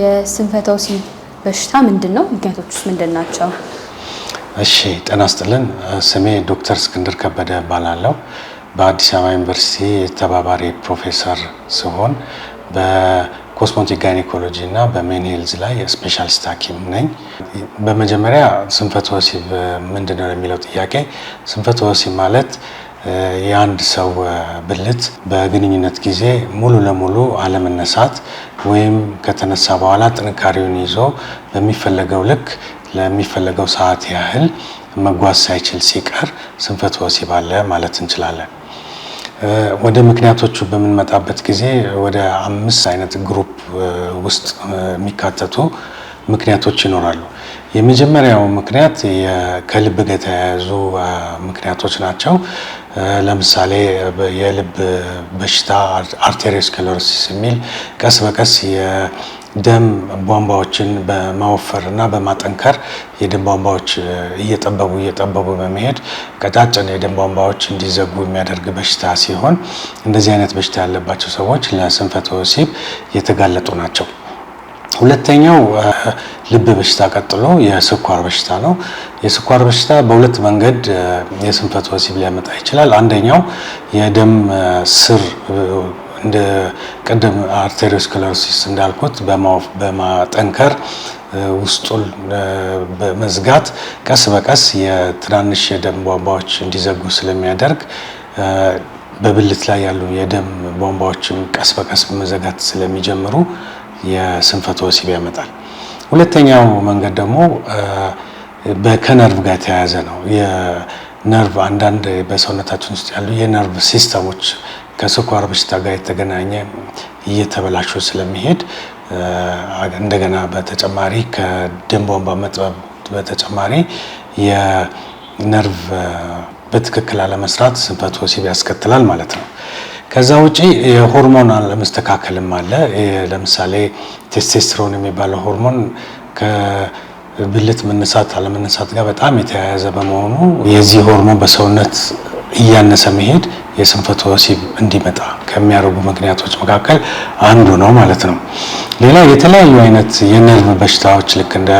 የስንፈተ ወሲብ በሽታ ምንድን ነው? ውስጥ ምንድን ናቸው? እሺ ጤና ይስጥልን። ስሜ ዶክተር እስክንድር ከበደ እባላለሁ። በአዲስ አበባ ዩኒቨርሲቲ የተባባሪ ፕሮፌሰር ሲሆን በኮስሞቲክ ጋይኒኮሎጂ እና በሜን ሄልዝ ላይ ስፔሻሊስት ሐኪም ነኝ። በመጀመሪያ ስንፈተ ወሲብ ምንድን ነው የሚለው ጥያቄ ስንፈተ ወሲብ ማለት የአንድ ሰው ብልት በግንኙነት ጊዜ ሙሉ ለሙሉ አለመነሳት ወይም ከተነሳ በኋላ ጥንካሬውን ይዞ በሚፈለገው ልክ ለሚፈለገው ሰዓት ያህል መጓዝ ሳይችል ሲቀር ስንፈተ ወሲብ አለ ማለት እንችላለን። ወደ ምክንያቶቹ በምንመጣበት ጊዜ ወደ አምስት አይነት ግሩፕ ውስጥ የሚካተቱ ምክንያቶች ይኖራሉ። የመጀመሪያው ምክንያት ከልብ ጋር የተያያዙ ምክንያቶች ናቸው። ለምሳሌ የልብ በሽታ አርቴሪዮስክለሮሲስ የሚል ቀስ በቀስ የደም ቧንቧዎችን በማወፈር እና በማጠንከር የደም ቧንቧዎች እየጠበቡ እየጠበቡ በመሄድ ቀጫጭን የደም ቧንቧዎች እንዲዘጉ የሚያደርግ በሽታ ሲሆን እንደዚህ አይነት በሽታ ያለባቸው ሰዎች ለስንፈተ ወሲብ የተጋለጡ ናቸው። ሁለተኛው ልብ በሽታ ቀጥሎ የስኳር በሽታ ነው። የስኳር በሽታ በሁለት መንገድ የስንፈት ወሲብ ሊያመጣ ይችላል። አንደኛው የደም ስር እንደ ቀደም አርቴሪዮስክለሮሲስ እንዳልኩት በማጠንከር ውስጡን በመዝጋት ቀስ በቀስ የትናንሽ የደም ቧንቧዎች እንዲዘጉ ስለሚያደርግ በብልት ላይ ያሉ የደም ቧንቧዎችም ቀስ በቀስ መዘጋት ስለሚጀምሩ የስንፈተ ወሲብ ያመጣል። ሁለተኛው መንገድ ደግሞ ከነርቭ ጋር የተያያዘ ነው። የነርቭ አንዳንድ በሰውነታችን ውስጥ ያሉ የነርቭ ሲስተሞች ከስኳር በሽታ ጋር የተገናኘ እየተበላሹ ስለሚሄድ እንደገና በተጨማሪ ከደም ቧንቧ መጥበብ በተጨማሪ የነርቭ በትክክል አለመስራት ስንፈተ ወሲብ ያስከትላል ማለት ነው። ከዛ ውጪ የሆርሞን አለመስተካከልም አለ። ለምሳሌ ቴስቴስትሮን የሚባለው ሆርሞን ከብልት መነሳት አለመነሳት ጋር በጣም የተያያዘ በመሆኑ የዚህ ሆርሞን በሰውነት እያነሰ መሄድ የስንፈት ወሲብ እንዲመጣ ከሚያደርጉ ምክንያቶች መካከል አንዱ ነው ማለት ነው። ሌላ የተለያዩ አይነት የነርቭ በሽታዎች ልክ እንደ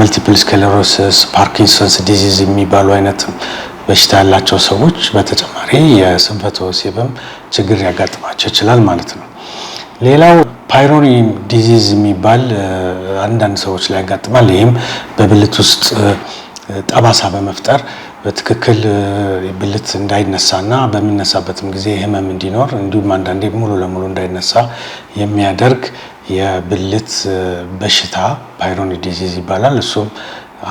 መልቲፕል ስክሌሮሲስ፣ ፓርኪንሰንስ ዲዚዝ የሚባሉ አይነት በሽታ ያላቸው ሰዎች በተጨማሪ የስንፈተ ወሲብም ችግር ሊያጋጥማቸው ይችላል ማለት ነው። ሌላው ፓይሮሪ ዲዚዝ የሚባል አንዳንድ ሰዎች ላይ ያጋጥማል። ይህም በብልት ውስጥ ጠባሳ በመፍጠር በትክክል ብልት እንዳይነሳና በሚነሳበትም ጊዜ ህመም እንዲኖር እንዲሁም አንዳንዴ ሙሉ ለሙሉ እንዳይነሳ የሚያደርግ የብልት በሽታ ፓይሮኒ ዲዚዝ ይባላል። እሱም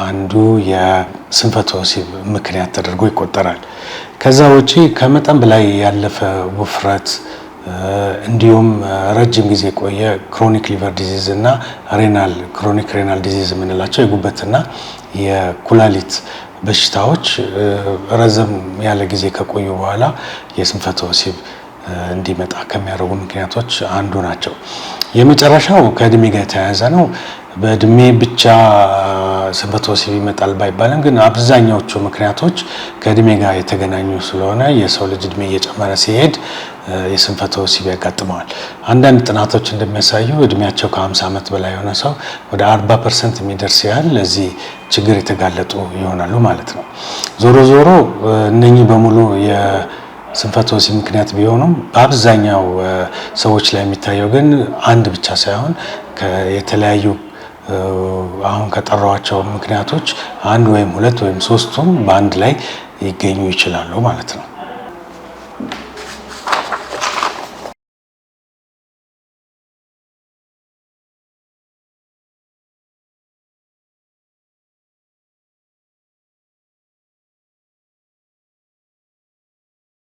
አንዱ የስንፈተ ወሲብ ምክንያት ተደርጎ ይቆጠራል። ከዛ ውጪ ከመጠን በላይ ያለፈ ውፍረት እንዲሁም ረጅም ጊዜ የቆየ ክሮኒክ ሊቨር ዲዚዝ እና ሬናል ክሮኒክ ሬናል ዲዚዝ የምንላቸው የጉበትና የኩላሊት በሽታዎች ረዘም ያለ ጊዜ ከቆዩ በኋላ የስንፈተ ወሲብ እንዲመጣ ከሚያደርጉ ምክንያቶች አንዱ ናቸው። የመጨረሻው ከእድሜ ጋር የተያያዘ ነው። በእድሜ ብቻ ስበት ወሲብ ይመጣል ባይባልም ግን አብዛኛዎቹ ምክንያቶች ከእድሜ ጋር የተገናኙ ስለሆነ የሰው ልጅ እድሜ እየጨመረ ሲሄድ የስንፈተ ወሲብ ያጋጥመዋል። አንዳንድ ጥናቶች እንደሚያሳዩ እድሜያቸው ከ50 ዓመት በላይ የሆነ ሰው ወደ 40 ፐርሰንት የሚደርስ ያህል ለዚህ ችግር የተጋለጡ ይሆናሉ ማለት ነው። ዞሮ ዞሮ እነኚህ በሙሉ ስንፈተ ወሲብ ምክንያት ቢሆኑም በአብዛኛው ሰዎች ላይ የሚታየው ግን አንድ ብቻ ሳይሆን የተለያዩ አሁን ከጠሯቸው ምክንያቶች አንድ ወይም ሁለት ወይም ሶስቱም በአንድ ላይ ይገኙ ይችላሉ ማለት ነው።